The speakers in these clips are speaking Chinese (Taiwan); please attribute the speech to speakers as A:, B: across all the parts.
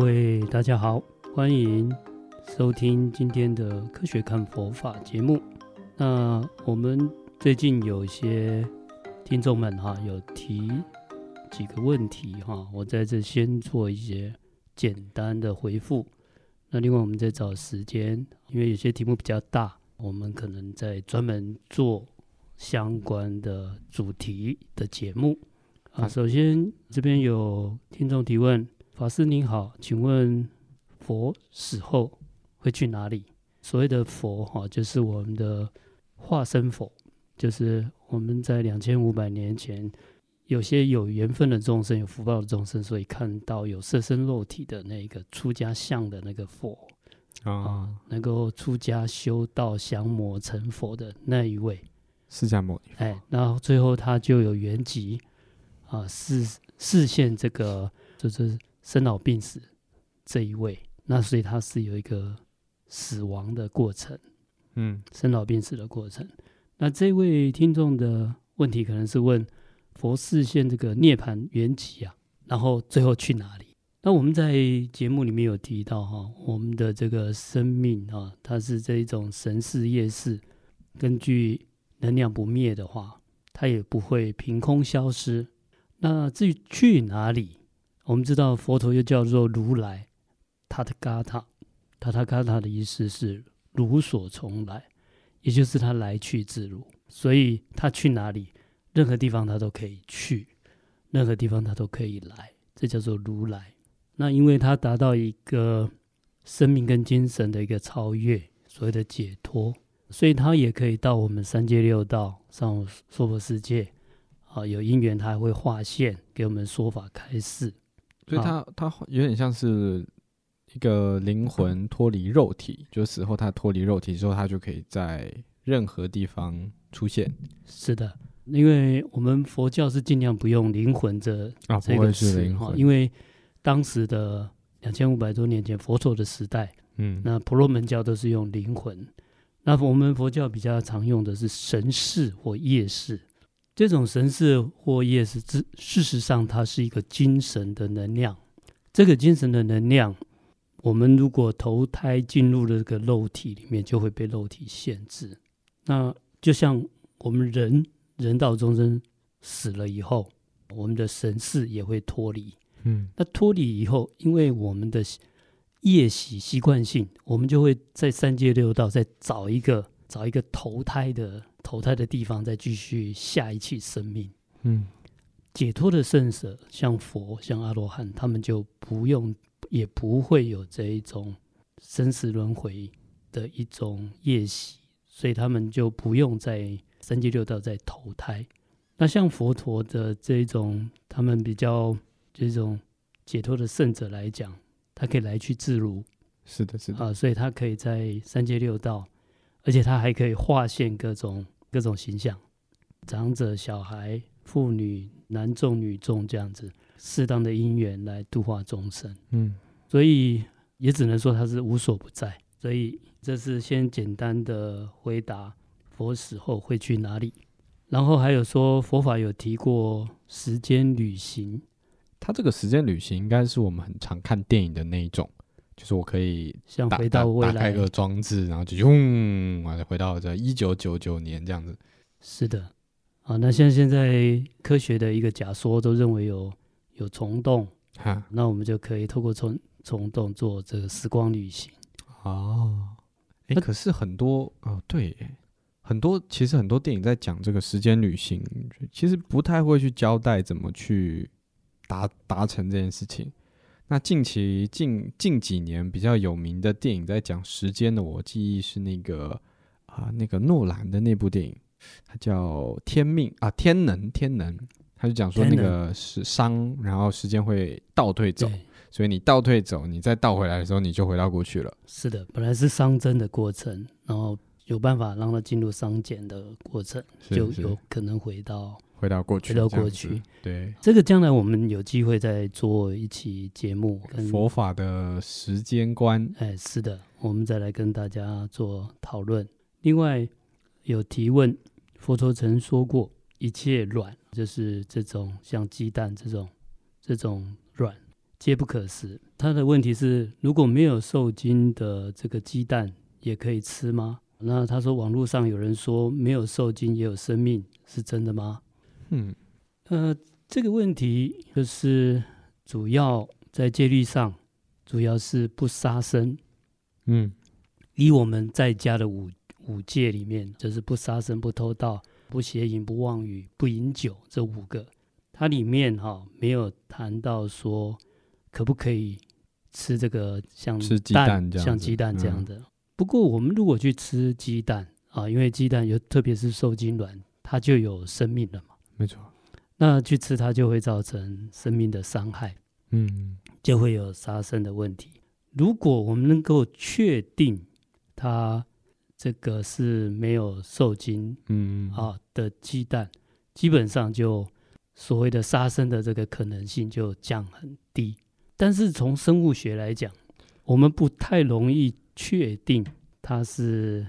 A: 各位大家好，歡迎收聽今天的《科學看佛法》節目。那我們最近有些聽眾們哈有提幾個問題哈，我在這先做一些簡單的回復。那另外我們再找時間，因為有些題目比較大，我們可能再專門做相關的主題的節目。啊，首先這邊有聽眾提問。法師您好，請問佛死後會去哪裡？所謂的佛啊、啊，就是我們的化身佛，就是我們在兩千五百年前有些有緣分的眾生，有福報的眾生，所以看到有色身肉體的那個出家相的那個佛、uh, 啊，能夠出家修道、降魔成佛的那一位釋迦牟尼。哎，然後最後他就有圓寂啊，示現這個就是。生老病死這一位，那所以它是有一個死亡的過程，嗯，生老病死的過程。那這位聽眾的問題可能是問佛示現這個涅槃圓寂啊，然後最後去哪裡？那我們在節目裡面有提到哈、啊，我們的這個生命啊，它是這一種神識業識，根據能量不滅的話，它也不會憑空消失。那至於去哪裡？我們知道佛陀又叫做如來，他的嘎塔，塔塔嘎塔的意思是如所從來，也就是他來去自如，所以他去哪裡，任何地方他都可以去，任何地方他都可以來，這叫做如來。那因為他達到一個生命跟精神的一個超越，所謂的解脫，所以他也可以到我們三界六道，上娑婆世界，有因緣他還會化現給我們說法開示。所以他
B: 他有點像是一個靈魂脫離肉體，嗯、就是死後他脫離肉體之後，他就可以在任何地方出現。
A: 是的，因為我們佛教是盡量不用“靈魂、啊”這這個詞哈，因為當時的兩千五百多年前佛陀的時代，嗯，那婆羅門教都是用靈魂，那我們佛教比較常用的是神識或業識。這種神識或業識，之事實上，它是一個精神的能量。這個精神的能量，我們如果投胎進入了這個肉體裡面，就會被肉體限制。那就像我們人，人道眾生死了以後，我們的神識也會脫離。嗯，那脫離以後，因為我們的業習習慣性，我們就會在三界六道再找一個，找一個投胎的。投胎的地方，再繼續下一期生命。嗯，解脫的聖者，像佛、像阿羅漢，他們就不用，也不會有這一種生死輪迴的一種業習。所以他們就不用在三界六道再投胎。那像佛陀的這種，他們比較這種解脫的聖者來講，他可以來去自如。是的，是的啊，所以他可以在三界六道。而且他還可以化現各種各種形象，長者、小孩、婦女、男眾、女眾這樣子，適當的因緣來度化眾生。嗯，所以也只能說他是無所不在。所以這是先簡單的回答佛死後會去哪裡。然後還有說佛法有提過時間旅行，
B: 他這個時間旅行應該是我們很常看電影的那一種。就是我可以打像回到未來打，打開一個裝置，然後就完了回到這一九九九年這樣子。
A: 是的，啊，那像現在科學的一個假說都認為有有蟲洞，哈、嗯，那我們就可以透過蟲蟲洞做這個時光旅行。哦，哎、欸，可是很多哦，對，很多其實很多
B: 電影在講這個時間旅行，其實不太會去交代怎麼去達達成這件事情。那近期近近幾年比較有名的電影在講時間的，我記憶是那個啊、呃，那個諾蘭的那部電影，它叫《天命》啊，天《天能》《天能》，他就講說那個是熵，然後時間會倒退走，所以你倒退走，你再倒回來的時候，你就回到過去了。
A: 是的，本來是熵增的過程，然後有辦法讓它進入熵減的過程是是，就有可能回到。回到過去，回到過去，這對這個將來我們有機會再做一期節目跟，跟佛法的時間觀。哎，是的，我們再來跟大家做討論。另外有提問：佛陀曾說過，一切卵，就是這種像雞蛋這種這種卵，皆不可食。他的問題是：如果沒有受精的這個雞蛋，也可以吃嗎？那他說，網絡上有人說沒有受精也有生命，是真的嗎？嗯，呃，這個問題就是主要在戒律上，主要是不殺生。嗯，以我們在家的五五戒裡面，就是不殺生、不偷盜、不邪淫、不妄語、不飲酒這五個，它裡面哈，哦，沒有談到說可不可以吃這個像吃雞蛋這樣，像雞蛋這樣的，嗯。不過我們如果去吃雞蛋啊，因為雞蛋有特別是受精卵，它就有生命了嘛。沒錯，那去吃它就會造成生命的傷害，嗯，就會有殺生的問題。如果我們能夠確定它這個是沒有受精，嗯，啊的雞蛋，基本上就所謂的殺生的這個可能性就降很低。但是從生物學來講，我們不太容易確定它是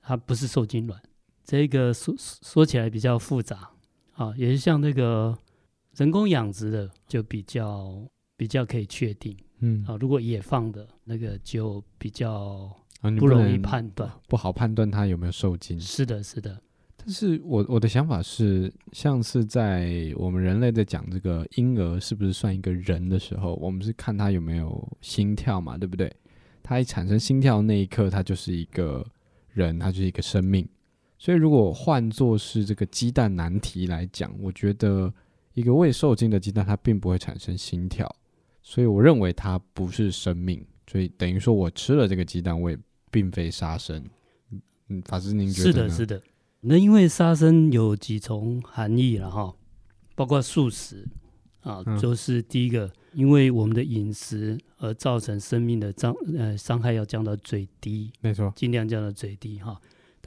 A: 它不是受精卵，這個說說起來比較複雜。啊，也是像那個人工養殖的，就比較比較可以確定，嗯，啊，如果野放的那個就比較不容易判斷，啊、不，
B: 不好判斷它有沒有受
A: 精。是的，是的。但
B: 是我我的想法是，像是在我們人類在講這個嬰兒是不是算一個人的時候，我們是看他有沒有心跳嘛，對不對？他一產生心跳那一刻，他就是一個人，他就是一個生命。所以，如果換作是這個雞蛋難題來講，我覺得一個未受精的雞蛋它並不會產生心跳，所以我認為它不是生命。所以等於說我吃了這個雞蛋，我也並非殺生。嗯，法師您覺得呢？是的，
A: 是的。那因為殺生有幾重含義了哈，包括素食啊，嗯、就是第一個，因為我們的飲食而造成生命的傷呃傷害要降到最低，沒錯，盡量降到最低哈。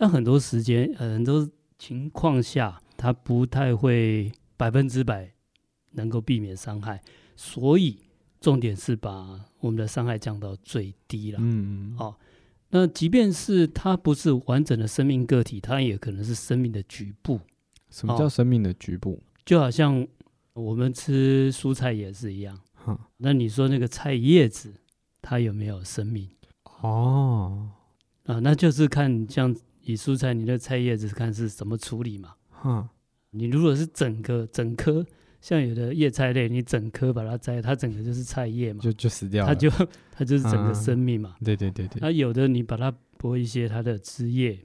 A: 那很多時間，很多情況下，它不太會百分之百能夠避免傷害，所以重點是把我們的傷害降到最低了。嗯嗯。哦，那即便是它不是完整的生命個體，它也可能是生命的局部。什麼叫
B: 生命的局部？哦，
A: 就好像我們吃蔬菜也是一樣。哈，那你說那個菜葉子，它有沒有生命？哦，啊，哦，那就是看這樣以蔬菜，你的菜葉子看是怎麼處理嘛？嗯，你如果是整個整棵，像有的葉菜類，你整棵把它摘，它整個就是菜葉嘛，就就死掉了，它就它就是整個生命嘛。嗯。對對對對。那有的你把它剝一些它的枝葉，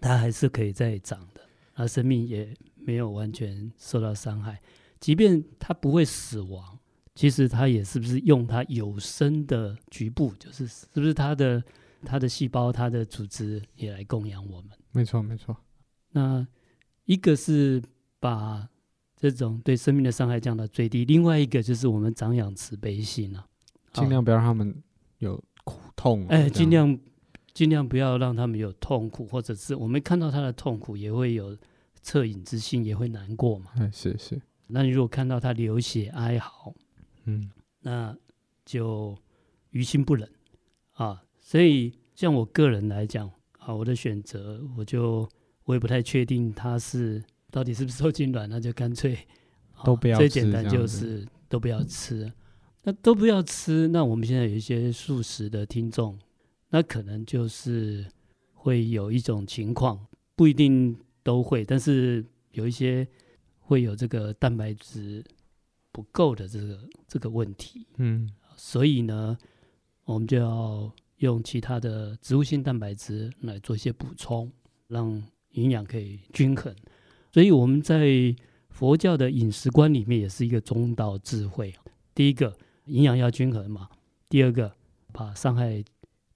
A: 它還是可以再長的，它生命也沒有完全受到傷害。即便它不會死亡，其實它也是不是用它有生的局部，就是是不是它的。它的細胞、它的組織也來供養我們。沒錯，沒錯。那一個是把這種對生命的傷害降到最低，另外一個就是我們長養慈悲心啊，盡量不要讓他們有苦痛啊，哦。哎，盡量盡量不要讓他們有痛苦，或者是我們看到他的痛苦，也會有惻隱之心，也會難過嘛。哎，是是。那你如果看到他流血哀嚎，嗯，那就於心不忍啊。所以，像我個人來講，啊，我的選擇，我就我也不太確定它是到底是不是受精卵，那就乾脆，啊，都不要吃。最簡單就是都不要吃。那都不要吃，那我們現在有一些素食的聽眾，那可能就是會有一種情況，不一定都會，但是有一些會有這個蛋白質不夠的這個這個問題。嗯，所以呢，我們就要。用其他的植物性蛋白質來做一些補充，讓營養可以均衡。所以我們在佛教的飲食觀裡面也是一個中道智慧。第一個，營養要均衡嘛；第二個，把傷害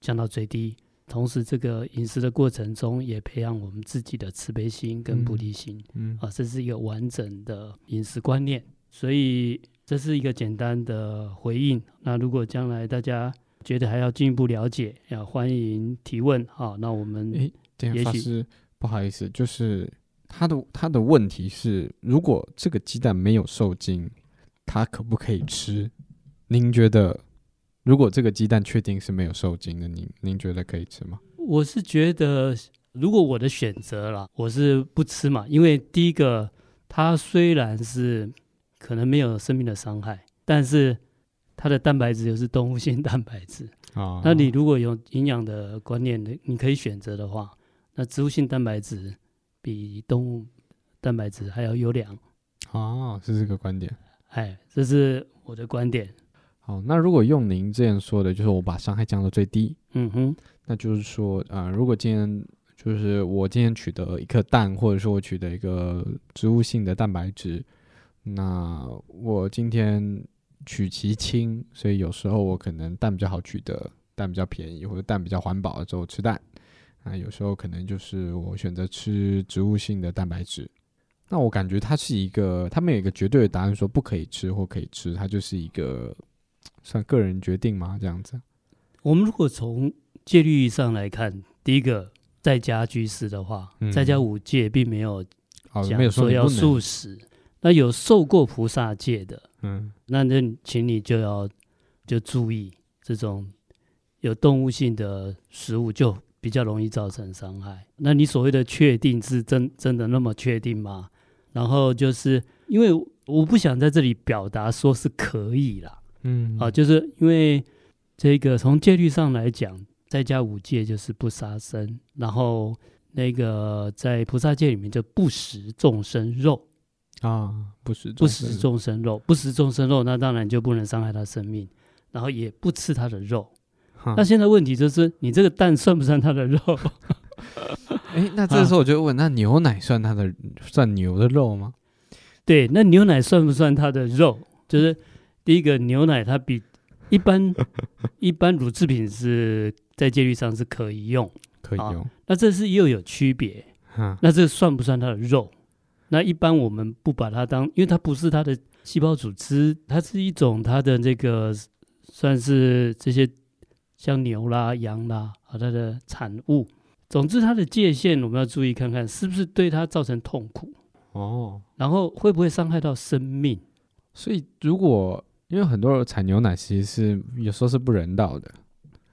A: 降到最低。同時，這個飲食的過程中也培養我們自己的慈悲心跟菩提心。嗯，嗯，啊，這是一個完整的飲食觀念。所以這是一個簡單的回應。那如果將來大家。覺得還要進一步了解，要歡迎提問。好，哦，那我們，誒，這樣法師
B: 不好意思，就是他的他的問題是，如果這個雞蛋沒有受精，它可不可以吃？您覺得，如果這個雞蛋確定是沒有受精的，您您覺得可以吃嗎？
A: 我是覺得，如果我的選擇啦，我是不吃嘛，因為第一個，它雖然是可能沒有生命的傷害，但是。它的蛋白質又是動物性蛋白質哦，那你如果有營養的觀念的，你可以選擇的話，那植物性蛋白質比動物蛋白質還要優良哦，是這個觀點。哎，這是我的觀點。
B: 好，那如果用您之前說的，就是我把傷害降到最低，嗯哼，那就是說，呃，如果今天就是我今天取得一顆蛋，或者說我取得一個植物性的蛋白質，那我今天取其輕，所以有時候我可能蛋比較好取得，蛋比較便宜或者蛋比較環保的時候吃蛋啊，有時候可能就是我選擇吃植物性的蛋白質。那我感覺它是一個，它沒有一個絕對的答案，說不可以吃或可以吃，它就是一個算個人決定嘛，這樣子。
A: 我們如果從戒律上來看，第一個在家居士的話，在、嗯、家五戒並沒有講說要素食、嗯哦，那有受過菩薩戒的。嗯,嗯，那那請你就要就注意，這種有動物性的食物就比較容易造成傷害。那你所謂的確定是真真的那麼確定嗎？然後就是因為我不想在這裡表達說是可以啦，嗯,嗯，嗯、啊，就是因為這個從戒律上來講，在家五戒就是不殺生，然後那個在菩薩戒裡面就不食眾生肉。啊、哦，不食不食眾生肉，不食眾生肉，那當然就不能傷害他生命，然後也不吃他的肉，嗯。那現在問題就是，你這個蛋算不算他的肉？哎、 欸，那這時候我就問，啊、那牛奶算他的算牛的肉嗎？對，那牛奶算不算他的肉？就是第一個，牛奶它比一般 一般乳製品是在戒律上是可以用，可以用。啊、那這是又有區別，嗯，那這算不算他的肉？那一般我們不把它當，因為它不是它的細胞組織，它是一種它的這個算是這些像牛啦、羊啦和、啊、它的產物。總之，它的界限我們要注意看看是不是對它造成痛苦哦，然後會不會傷害到生命。所以，如果
B: 因為很多人產牛奶，其實是有時候是不人道的。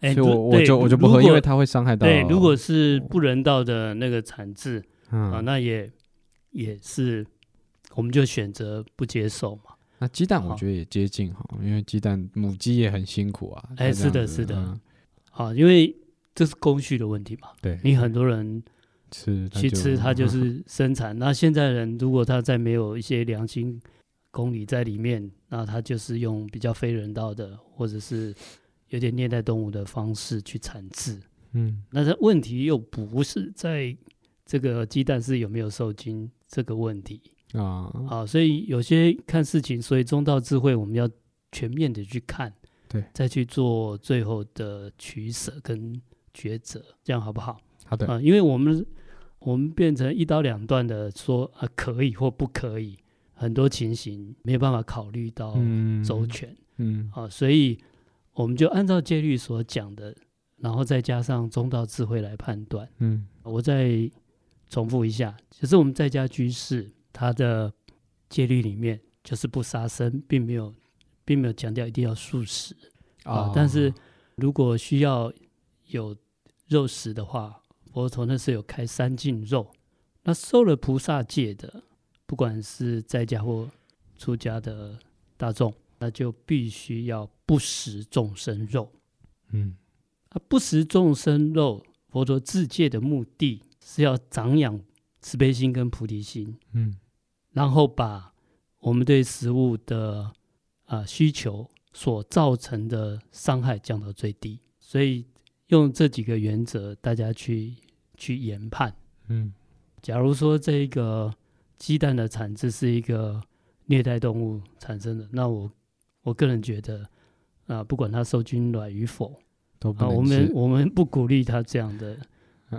B: 哎，所以我我就我就不喝，因為它會傷害到。對，如
A: 果是不人道的那個產製、嗯、啊，那也。也是，我們就選擇不接受嘛。
B: 那雞蛋我覺得也接近哈，因為雞蛋母雞也很辛苦啊。哎、欸，是的，是的。啊、嗯。
A: 好，因為這是工序的問題嘛。對，你很多人吃去吃，它就，就是生產、嗯。那現在人如果他再沒有一些良心公理在裡面，那他就是用比較非人道的，或者是有點虐待動物的方式去產制。嗯，那這問題又不是在。這個雞蛋是有沒有受精這個問題啊，啊，所以有些看事情，所以中道智慧我們要全面的去看，對，再去做最後的取捨跟抉擇，這樣好不好？好的，啊，因為我們我們變成一刀兩斷的說啊，可以或不可以，很多情形沒有辦法考慮到周全，嗯，嗯，啊，所以我們就按照戒律所講的，然後再加上中道智慧來判斷，嗯，啊，我在。重複一下，其實我們在家居士，他的戒律裡面就是不殺生，並沒有，並沒有強調一定要素食啊、哦。但是如果需要有肉食的話，佛陀那是有開三淨肉。那受了菩薩戒的，不管是在家或出家的大眾，那就必須要不食眾生肉。嗯，啊，不食眾生肉，佛陀制戒的目的，是要長養慈悲心跟菩提心，嗯，然後把我們對食物的啊需求所造成的傷害降到最低。所以用這幾個原則，大家去去研判。嗯，假如說這個雞蛋的產制是一個虐待動物產生的，那我我個人覺得啊，不管它受精卵與否，啊，我們我們不鼓勵它這樣的。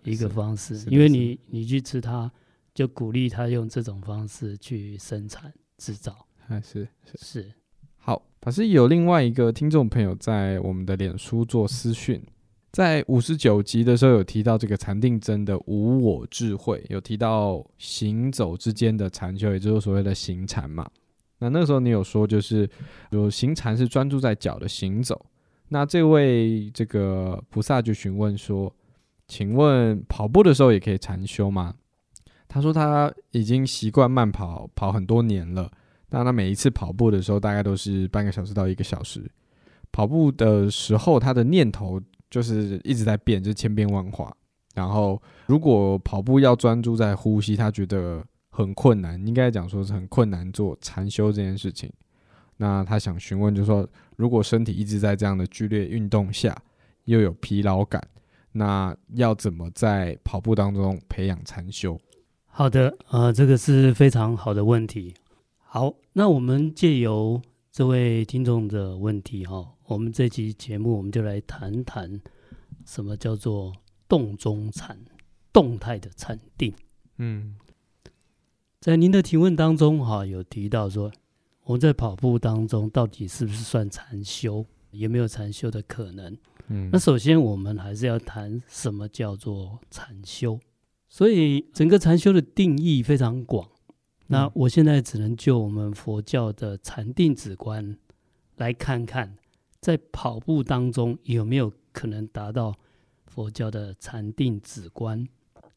A: 一個方式，啊、因為你你去吃它，就鼓勵他用這種方式去生產制造。啊，是是是，好。可
B: 是有另外一個聽眾朋友在我們的臉書做私訊，在五十九集的時候有提到這個禪定真的無我智慧，有提到行走之間的禪修，也就是所謂的行禪嘛。那那個時候你有說就是有行禪是專注在腳的行走。那這位這個菩薩就詢問說。請問跑步的時候也可以禪修嗎？他說他已經習慣慢跑，跑很多年了。那他每一次跑步的時候，大概都是半個小時到一個小時。跑步的時候，他的念頭就是一直在變，就是千變萬化。然後，如果跑步要專注在呼吸，他覺得很困難，應該講說是很困難做禪修這件事情。那他想詢問就是說，就說如果身體一直在這樣的劇烈運動下，又有疲勞感。那要怎麼在跑步當中培養禪修？
A: 好的，呃，這個是非常好的問題。好，那我們借由這位聽眾的問題哈、哦，我們這期節目我們就來談談什麼叫做動中禪、動態的禪定。嗯，在您的提問當中哈、哦，有提到說我們在跑步當中到底是不是算禪修，有沒有禪修的可能？嗯，那首先我們還是要談什麼叫做禪修，所以整個禪修的定義非常廣，那我現在只能就我們佛教的禪定止觀來看看，在跑步當中有沒有可能達到佛教的禪定止觀？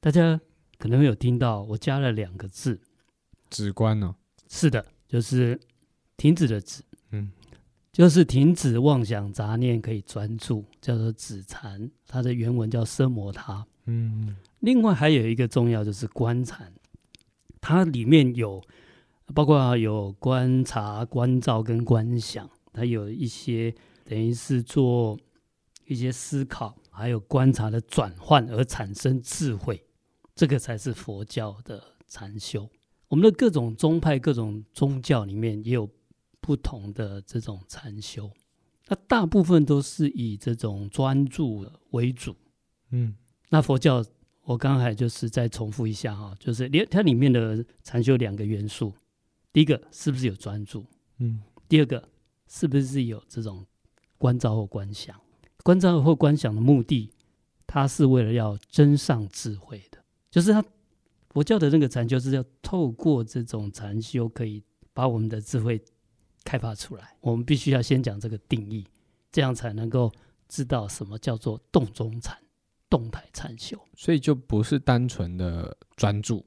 A: 大家可能有聽到我加了兩個字，止觀呢，啊？是的，就是停止的止，嗯。就是停止妄想雜念，可以專注，叫做止禪。它的原文叫奢摩他。嗯,嗯，另外還有一個重要就是觀禪，它裡面有包括有觀察、觀照跟觀想，它有一些等於是做一些思考，還有觀察的轉換而產生智慧，這個才是佛教的禪修。我們的各種宗派、各種宗教裡面也有。不同的這種禪修，那大部分都是以這種專注為主。嗯，那佛教我剛才就是再重複一下哈、哦，就是裡它裡面的禪修有兩個元素，第一個是不是有專注？嗯，第二個是不是有這種觀照或觀想？觀照或觀想的目的，它是為了要增上智慧的，就是它佛教的那個禪修是要透過這種禪修可以把我們的智慧開發出來，我們必須要先講這個定義，這樣才能夠知道什麼叫做動中禪、動態禪修。
B: 所以就不是單純的專注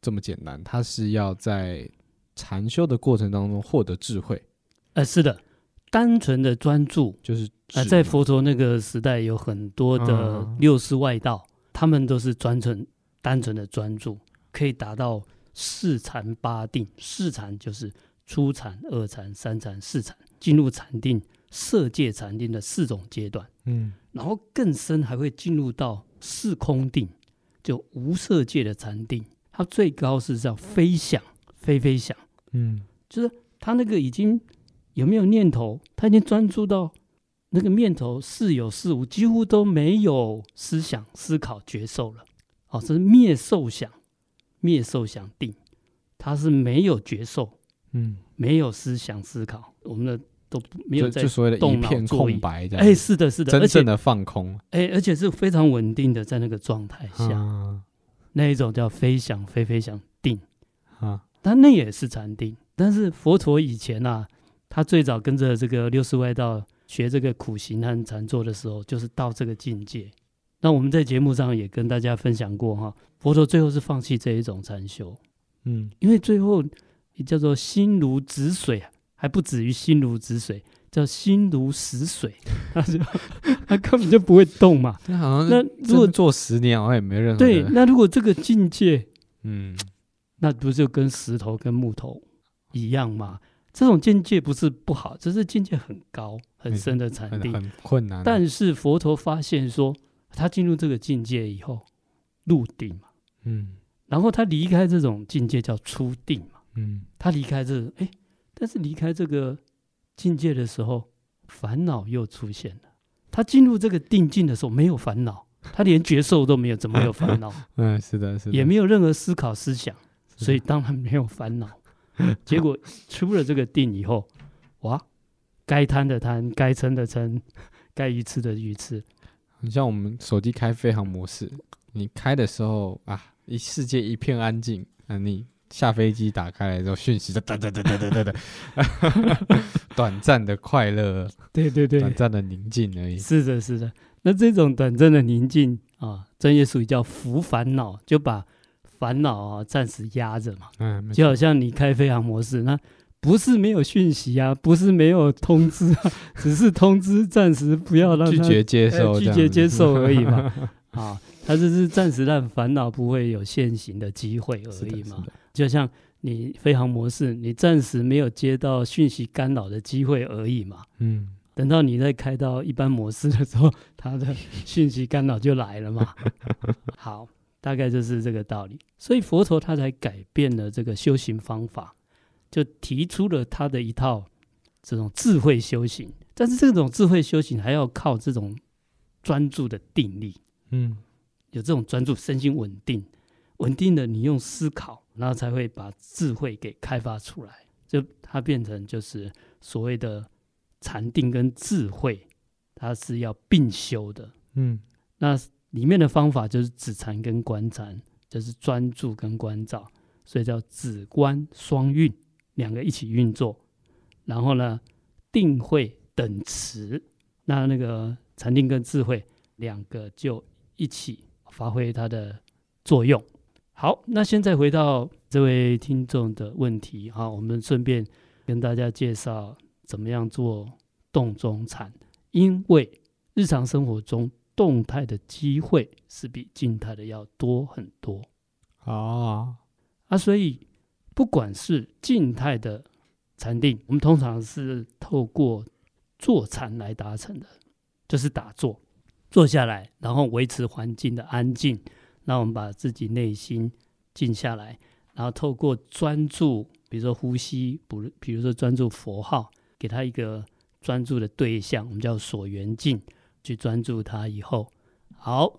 B: 這麼簡單，它是要在禪修的過程當中獲得智慧。
A: 呃，是的，單純的專注就是、呃、在佛陀那個時代有很多的六師外道，他、嗯、們都是專純單純的專注，可以達到四禪八定。四禪就是。初禪、二禪、三禪、四禪，進入禪定色界禪定的四種階段。嗯，然後更深還會進入到四空定，就無色界的禪定。它最高是叫非想非非想。嗯，
C: 就
A: 是它那個已經有沒有念頭？它已經專注到那個念頭似有似無，幾乎都沒有思想思考覺受了。哦，這是滅受想滅受想定，它是沒有覺受。嗯，沒有思想思考，我們的都沒有在所謂的動腦，腦的一片空白，哎，是的，是的，真正的放空，哎，而且是非常穩定的在那個狀態下，啊，那一種叫非想非非想定啊，但那也是禪定。但是佛陀以前啊，他最早跟着這個六師外道學這個苦行和禪坐的時候，就是到這個境界。那我們在節目上也跟大家分享過哈，啊，佛陀最後是放棄這一種禪修，嗯，因為最後。叫做心如止水啊，還不止於心如止水，叫心如死水。他他根本就不會動嘛。 那，那如果做十年好像也沒任何。對，那如果這個境界，嗯，那不是就跟石頭跟木頭一樣嘛？嗯。這種境界不是不好，只，就是境界很高很深的禪定，欸，很困難啊。但是佛陀發現說，他進入這個境界以後，入定嘛，嗯，然後他離開這種境界叫出定嘛。嗯，他離開這個，哎、欸，但是離開這個境界的時候，煩惱又出現了。他進入這個定境的時候，沒有煩惱，他連覺受都沒有，怎麼有煩惱、嗯？嗯，是的，是的，也沒有任何思考思想，所以當然沒有煩惱。結果出了這個定以後， 哇，該貪的貪，該嗔的嗔，該愚痴的愚痴。你像我們手機開
B: 飛行模式，你開的時候啊，一世界一片安靜、啊、你。下飛機打開來之後，訊息的 短暫的快樂，對對對，短暫的寧靜而已。是
A: 的，是的。那這種短暫的寧靜啊，這也屬於叫伏煩惱，就把煩惱啊暫時壓着嘛。嗯。就好像你開飛航模式、嗯，那不是沒有訊息啊，不是沒有通知啊， 只是通知暫時不要讓他拒絕接受、欸，拒絕接受而已嘛。啊、 哦，他就是暫時讓煩惱不會有現行的機會而已嘛。是的，是的。就像你飛航模式，你暫時沒有接到訊息干擾的機會而已嘛。嗯，等到你再開到一般模式的時候，它的訊息干擾就來了嘛。 好，大概就是這個道理。所以佛陀他才改變了這個修行方法，就提出了他的一套這種智慧修行。但是這種智慧修行還要靠這種專注的定力。嗯，有這種專注，身心穩定。穩定的，你用思考，然後才會把智慧給開發出來。就它變成就是所謂的禪定跟智慧，它是要並修的。嗯，那裡面的方法就是止禪跟觀禪，就是專注跟觀照，所以叫止觀雙運，兩個一起運作。然後呢，定慧等持，那那個禪定跟智慧兩個就一起發揮它的作用。好，那現在回到這位聽眾的問題哈，我們順便跟大家介紹怎麼樣做動中禪，因為日常生活中動態的機會是比靜態的要多很多啊啊，所以不管是靜態的禪定，我們通常是透過坐禪來達成的，就是打坐，坐下來，然後維持環境的安靜。那我們把自己內心靜下來，然後透過專注，比如說呼吸，不，比如說專注佛號，給他一個專注的對象，我們叫所緣境，去專注它以後。好，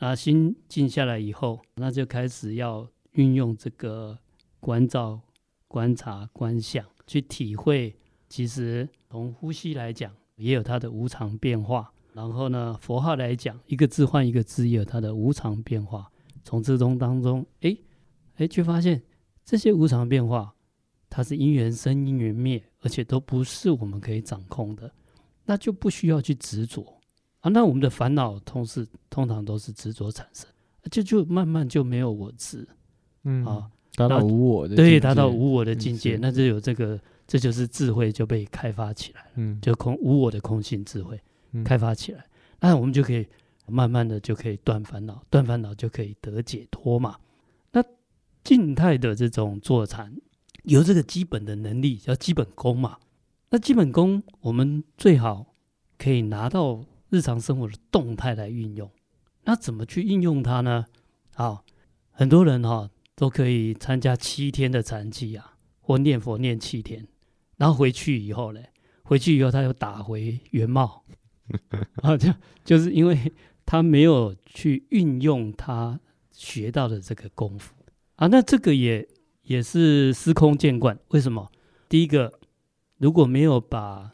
A: 那心靜下來以後，那就開始要運用這個觀照、觀察、觀想，去體會。其實從呼吸來講，也有它的無常變化；然後呢，佛號來講，一個字換一個字，也有它的無常變化。從之中當中，哎、欸，哎、欸，卻發現這些無常變化，它是因緣生因緣滅，而且都不是我們可以掌控的，那就不需要去執着啊。那我們的煩惱，通是通常都是執着產生，就就慢慢就沒有我執，嗯啊，達到無我的對，達到無我的境界，那的境界、嗯，那就有這個，這就是智慧就被開發起來了，嗯、就空無我的空性智慧、嗯、開發起來，那我們就可以。慢慢的就可以斷煩惱，斷煩惱就可以得解脫嘛。那靜態的這種坐禪，有這個基本的能力叫基本功嘛。那基本功，我們最好可以拿到日常生活的動態來運用。那怎麼去運用它呢？好，很多人哈、哦、都可以參加七天的禪期啊，或念佛念七天，然後回去以後嘞，回去以後他又打回原貌， 啊，就就是因為。他沒有去運用他學到的這個功夫啊，那這個也也是司空見慣。為什麼？第一個，如果沒有把啊、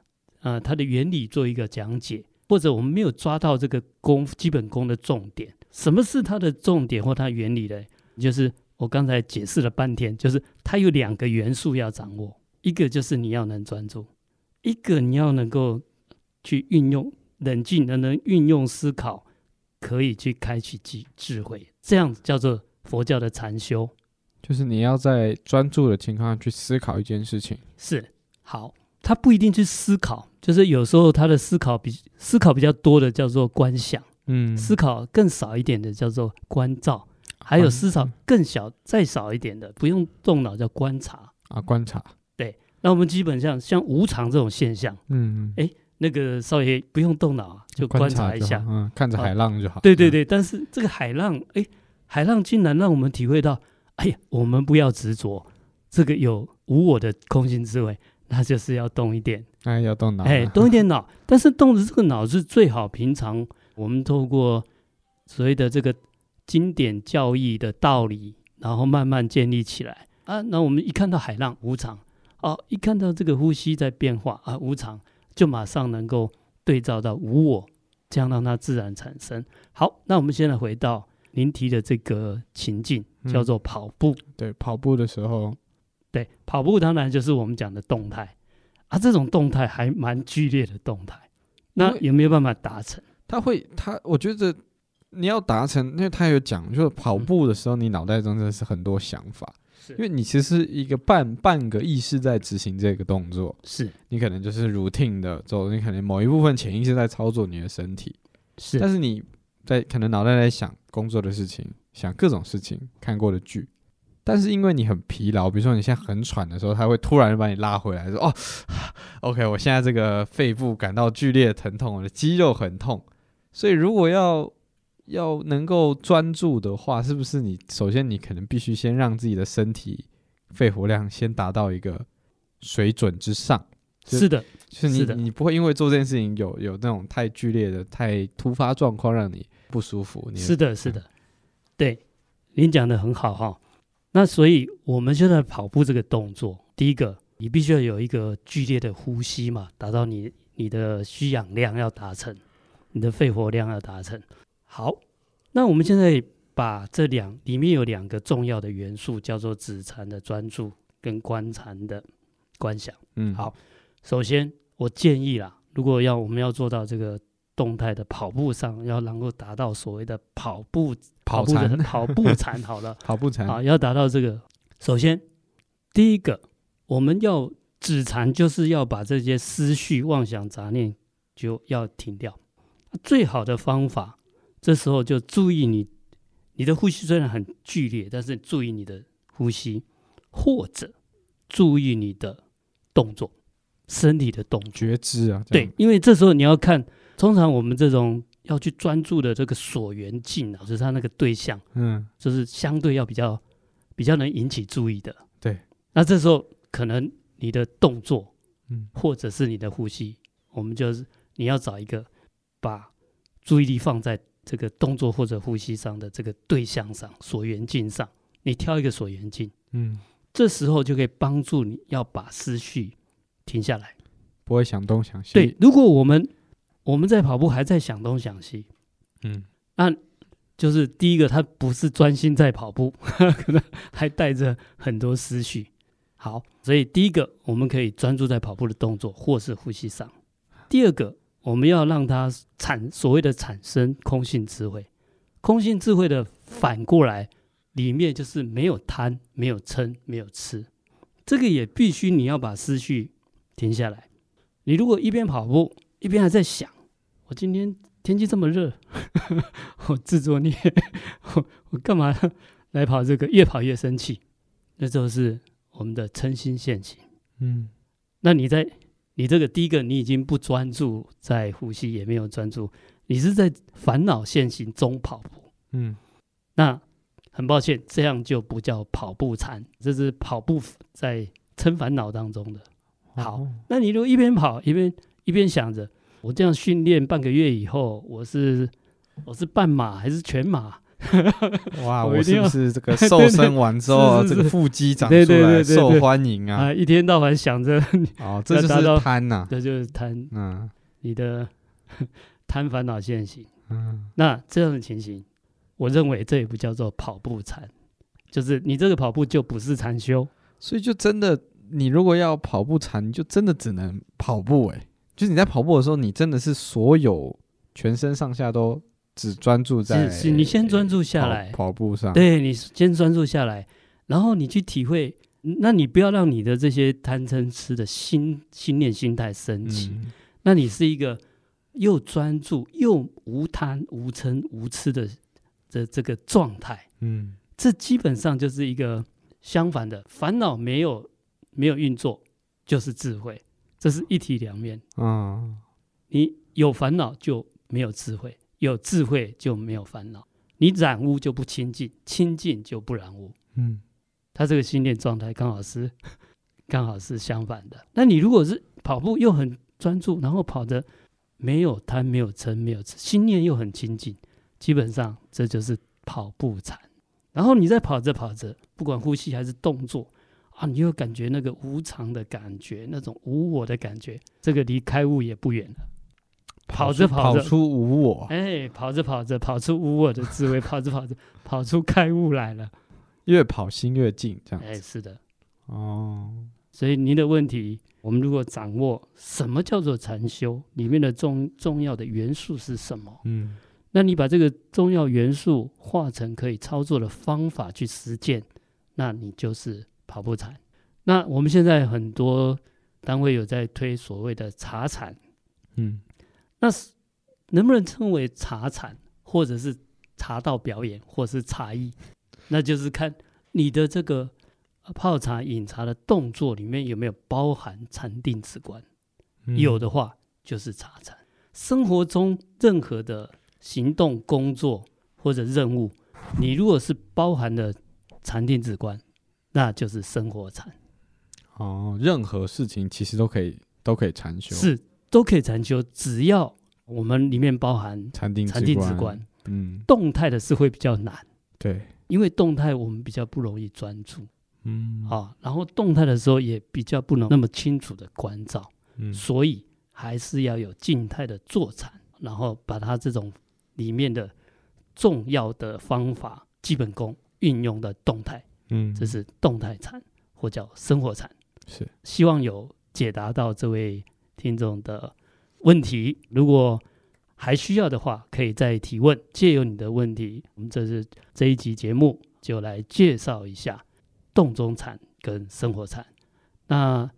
A: 呃、他的原理做一個講解，或者我們沒有抓到這個功基本功的重點，什麼是它的重點或它原理呢？就是我剛才解釋了半天，就是它有兩個元素要掌握，一個就是你要能專注，一個你要能夠去運用冷靜，能能運用思考，可以去開啟智慧，這樣子叫做佛教的禪修，就是你要在專注的情況下去思考一件事情，是好。他不一定去思考，就是有時候他的思考比思考比較多的叫做觀想，嗯，思考更少一點的叫做觀照，嗯、還有思考更小再少一點的不用動腦叫觀察啊，觀察。對，那我們基本上像無常這種現象，嗯，哎、欸。那個少爺不用動腦，啊，就觀察一下察，嗯，看着海浪就好。啊，對對對，嗯，但是這個海浪，哎，海浪竟然讓我們體會到，哎呀，我們不要執着這個有無我的空性智慧，那就是要動一點，哎，要動腦，哎，動一點腦。 但是動的這個腦是最好，平常我們透過所謂的這個經典教義的道理，然後慢慢建立起來啊。那我們一看到海浪無常，哦，啊，一看到這個呼吸在變化啊，無常。就馬上能夠對照到無我，這樣讓它自然產生。好，那我們現在回到您提的這個情境，嗯、叫做跑步。對，跑步的時候，對跑步當然就是我們講的動態啊，這種動態還蠻劇烈的動態。
B: 那有
A: 沒有辦法達成？他會，他我覺得你要達
B: 成，因為他有講，就是跑步的時候，嗯、你腦袋中真的是很多想法。因為你其實是一個半半個意識在執行這個動作，是你可能就是 routine 的走，你可能某一部分潛意識在操作你的身體，是，但是你在可能腦袋在想工作的事情，想各種事情，看過的劇，但是因為你很疲勞，比如說你現在很喘的時候，它會突然把你拉回來，說哦、啊、OK，我現在這個肺部感到劇烈疼痛，我的肌肉很痛，所以如果要。要能夠專注的話，是不是你首先你可能必須先讓自己的身體肺活量先達到一個水準之上？是的，就是你你不會因為做這件事情有有那種太劇烈的太突發狀況讓你不舒服？是的，是的，是、嗯、的，
A: 對，您講得很好哈。那所以我們現在跑步這個動作，第一個你必須要有一個劇烈的呼吸嘛，達到你你的需氧量要達成，你的肺活量要達成。好，那我們現在把這兩裡面有兩個重要的元素，叫做止禪的專注跟觀禪的觀想。嗯，好，首先我建議啦，如果要我們要做到這個動態的跑步上，要能夠達到所謂的跑步跑，跑步跑步， 跑步禪，好了，跑步禪好，要達到這個，首先第一個我們要止禪，就是要把這些思緒妄想雜念就要停掉，最好的方法。這時候就注意你，你的呼吸雖然很劇烈，但是注意你的呼吸，或者注意你的動作，身體的動作。覺知啊，對，因為這時候你要看，通常我們這種要去專注的這個所緣境啊，就是他那個對象，嗯，就是相對要比較比較能引起注意的。對，那這時候可能你的動作，嗯，或者是你的呼吸，嗯，我們就是你要找一個把注意力放在。這個動作或者呼吸上的這個對象上，所緣境上，你挑一個所緣境，嗯，這時候就可以幫助你要把思緒停下來，
B: 不會想東想西。對，
A: 如果我們我們在跑步還在想東想西，嗯，那就是第一個，他不是專心在跑步，可能還帶着很多思緒。好，所以第一個我們可以專注在跑步的動作或是呼吸上，第二個。我們要讓它產所謂的產生空性智慧，空性智慧的反過來裡面就是沒有貪，沒有嗔，沒有癡。這個也必須你要把思緒停下來。你如果一邊跑步一邊還在想，我今天天氣這麼熱，呵呵我自作孽，我我幹嘛來跑這個？越跑越生氣，那就是我們的嗔心陷阱。嗯，那你在？你這個第一個，你已經不專注在呼吸，也沒有專注，你是在煩惱現行中跑步。嗯，那很抱歉，這樣就不叫跑步禪，這是跑步在撐煩惱當中的。好，哦、那你如果一邊跑一邊一邊想着，我這樣訓練半個月以後，我是我是半馬還是全馬？ 哇我！我是不是這個瘦身完之後， 對對對這個腹肌長出來 對對對對對受歡迎啊，啊！一天到晚想着，哦，這就是貪吶、啊，這、啊、就是貪，嗯，你的貪煩惱現行，嗯，那這樣的情形，我認為這也不叫做跑步禪，就是你這個跑步就不是禪修，所以就真的，你如果要跑步禪，就真的只能跑步哎、欸，就是你在跑
B: 步的時候，你真的是所有全身上下都。只專注在，你先專注下來跑、跑步上，對
A: 你先專注下來，然後你去體會。那你不要讓你的這些貪嗔癡的心心念心態升起，嗯。那你是一個又專注又無貪無嗔無癡的這這個狀態。嗯，這基本上就是一個相反的煩惱，沒有沒有運作就是智慧，這是一體兩面啊，哦。你有煩惱就沒有智慧。有智慧就沒有煩惱，你染污就不清淨，清淨就不染污。嗯，他這個心念狀態剛好是剛好是相反的。那你如果是跑步又很專注，然後跑着沒有貪、沒有嗔、沒有痴，心念又很清淨，基本上這就是跑步禪。然後你再跑着跑着，不管呼吸還是動作啊，你又感覺那個無常的感覺，那種無我的感覺，這個離開悟也不遠了。跑着跑着，跑出無我。哎，跑着跑着，跑出無我的滋味。 跑着跑着，跑出開悟來了。越跑心越靜，這樣。哎，是的。哦，所以您的問題，我們如果掌握什麼叫做禪修裡面的重重要的元素是什麼？嗯，那你把這個重要元素化成可以操作的方法去實踐，那你就是跑步禪。那我們現在很多單位有在推所謂的茶禪，嗯。那是能不能稱為茶禪，或者是茶道表演，或者是茶藝？那就是看你的這個泡茶、飲茶的動作裡面有沒有包含禪定止觀。有的話，就是茶禪。嗯。生活中任何的行動、工作或者任務，你如果是包含了禪定止觀，那就是生活禪。
B: 哦，任何事情其實都可以，都可以禪修。是。
A: 都可以禪修，只要我們裡面包含禪定、禪定、止觀，嗯，動態的是會比較難，對，因為動態我們比較不容易專注，嗯，啊，然後動態的時候也比較不能那麼清楚的觀照，嗯，所以還是要有靜態的坐禪，然後把它這種裡面的重要的方法、基本功運用到動態，嗯，這是動態禪或叫生活禪，是希望有解答到這位。聽眾的問題，如果還需要的話，可以再提問。借由你的問題，我們這次這一集節目就來介紹一下動中禪跟生活禪。那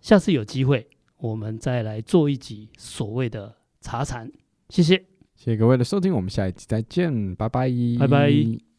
A: 下次有機會，我們再來做一集所謂的茶禪。
B: 謝謝，謝謝各位的收聽，我們下一期再見，拜拜，拜拜。